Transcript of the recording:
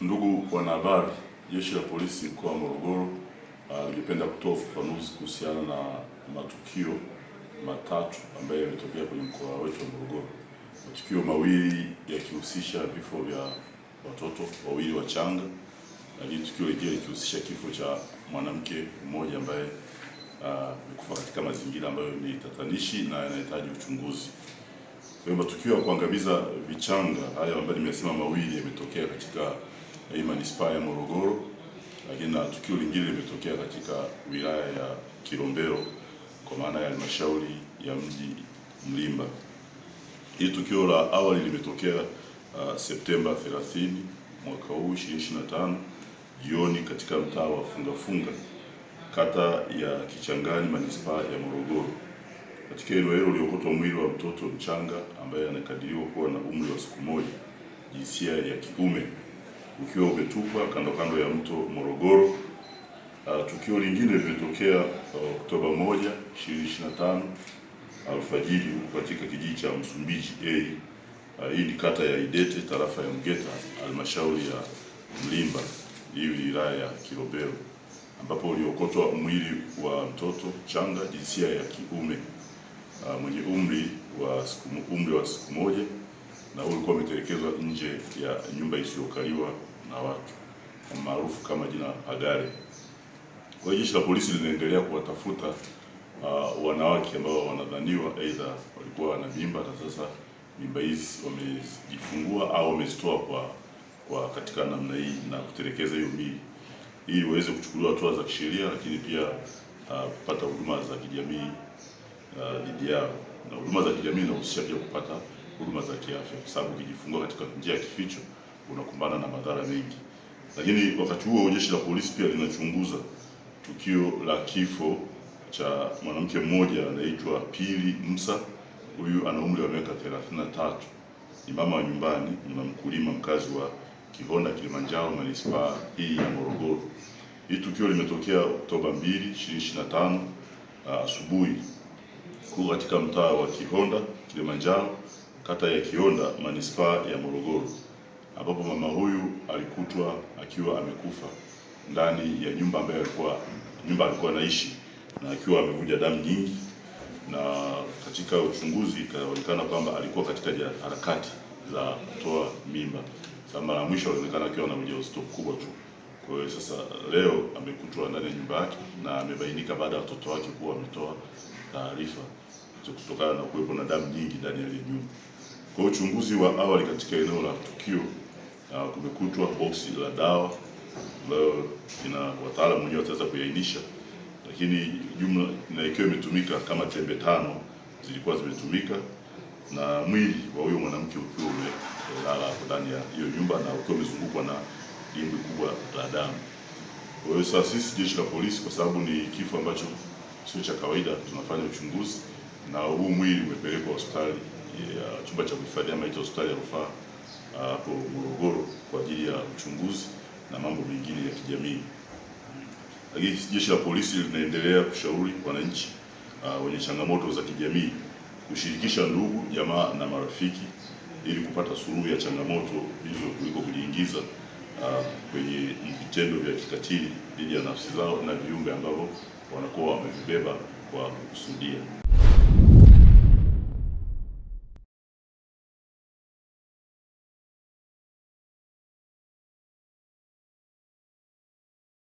Ndugu wanahabari, jeshi la polisi mkoa wa Morogoro ningependa ah, uh, kutoa ufafanuzi kuhusiana na matukio matatu ambayo yametokea kwenye mkoa wetu wa Morogoro. Matukio mawili yakihusisha vifo vya watoto wawili wachanga, lakini tukio lingine likihusisha kifo cha mwanamke mmoja ambaye ah, amekufa uh, katika mazingira ambayo ni tatanishi na yanahitaji uchunguzi. Kwa hiyo matukio ya kuangamiza vichanga haya ambayo nimesema mawili yametokea katika hii manispaa ya Morogoro, lakini na tukio lingine limetokea katika wilaya ya Kilombero kwa maana ya halmashauri ya mji Mlimba. Hili tukio la awali limetokea uh, Septemba 30 mwaka huu 2025 jioni katika mtaa wa Fungafunga kata ya Kichangani manispaa ya Morogoro. Katika eneo hilo uliokotwa mwili wa mtoto mchanga ambaye anakadiriwa kuwa na umri wa siku moja, jinsia ya kiume ukiwa umetupwa kando kando ya mto Morogoro. Uh, tukio lingine limetokea uh, Oktoba 1, 2025 alfajiri huko katika kijiji cha Msumbiji A. Uh, hii ni kata ya Idete tarafa ya Mgeta halmashauri ya Mlimba hii wilaya ya Kilombero ambapo uliokotwa mwili wa mtoto changa jinsia ya kiume uh, mwenye umri wa siku umri wa siku moja na ulikuwa wametelekezwa nje ya nyumba isiyokaliwa na watu maarufu kama jina Pagare. Kwa hiyo jeshi la polisi linaendelea kuwatafuta uh, wanawake ambao wanadhaniwa aidha walikuwa na mimba na sasa mimba hizi wamejifungua au wamezitoa kwa kwa katika namna hii na kutelekeza hiyo miili ili waweze kuchukuliwa hatua za kisheria, lakini pia uh, kupata huduma za kijamii uh, dhidi uh, yao, na huduma za kijamii inahusisha pia kupata huduma za kiafya, kwa sababu ukijifungua katika njia ya kificho unakumbana na madhara mengi. Lakini wakati huo jeshi la polisi pia linachunguza tukio la kifo cha mwanamke mmoja anaitwa Pili Musa. Huyu ana umri wa miaka 33, ni mama wa nyumbani na mkulima mkazi wa Kihonda Kilimanjaro, manispaa hii ya Morogoro. Hii tukio limetokea Oktoba 2, 2025 uh, asubuhi huko katika mtaa wa Kihonda Kilimanjaro kata ya Kionda, manispaa ya Morogoro, ambapo mama huyu alikutwa akiwa amekufa ndani ya nyumba ambayo alikuwa nyumba alikuwa anaishi na akiwa amevuja damu nyingi, na katika uchunguzi ikaonekana kwamba alikuwa katika harakati za kutoa mimba. Sasa mara mwisho alionekana akiwa na ujauzito mkubwa tu. Kwa hiyo sasa leo amekutwa ndani ya nyumba yake na amebainika baada ya watoto wake kuwa wametoa taarifa kutokana na kuwepo na damu nyingi ndani ya ile nyumba. Kwa uchunguzi wa awali katika eneo la tukio uh, kumekutwa boksi la dawa ambayo ina wataalamu wenyewe wataweza kuiainisha, lakini jumla na ikiwa imetumika kama tembe tano zilikuwa zimetumika na mwili wa huyo mwanamke ukiwa umelala hapo ndani ya hiyo nyumba na ukiwa umezungukwa na dimbwi kubwa la damu. Kwa hiyo sasa sisi jeshi la polisi, kwa sababu ni kifo ambacho sio cha kawaida, tunafanya uchunguzi na huu mwili umepelekwa hospitali ya chumba cha kuhifadhi ama ile hospitali ya rufaa ah, hapo Morogoro kwa ajili ya uchunguzi na mambo mengine ya kijamii. Lakini jeshi la polisi linaendelea kushauri wananchi ah, wenye changamoto za kijamii kushirikisha ndugu, jamaa na marafiki ili kupata suluhu ya changamoto hizo kuliko kujiingiza ah, kwenye vitendo vya kikatili dhidi ya nafsi zao na viumbe ambavyo wanakuwa wamevibeba kwa kukusudia.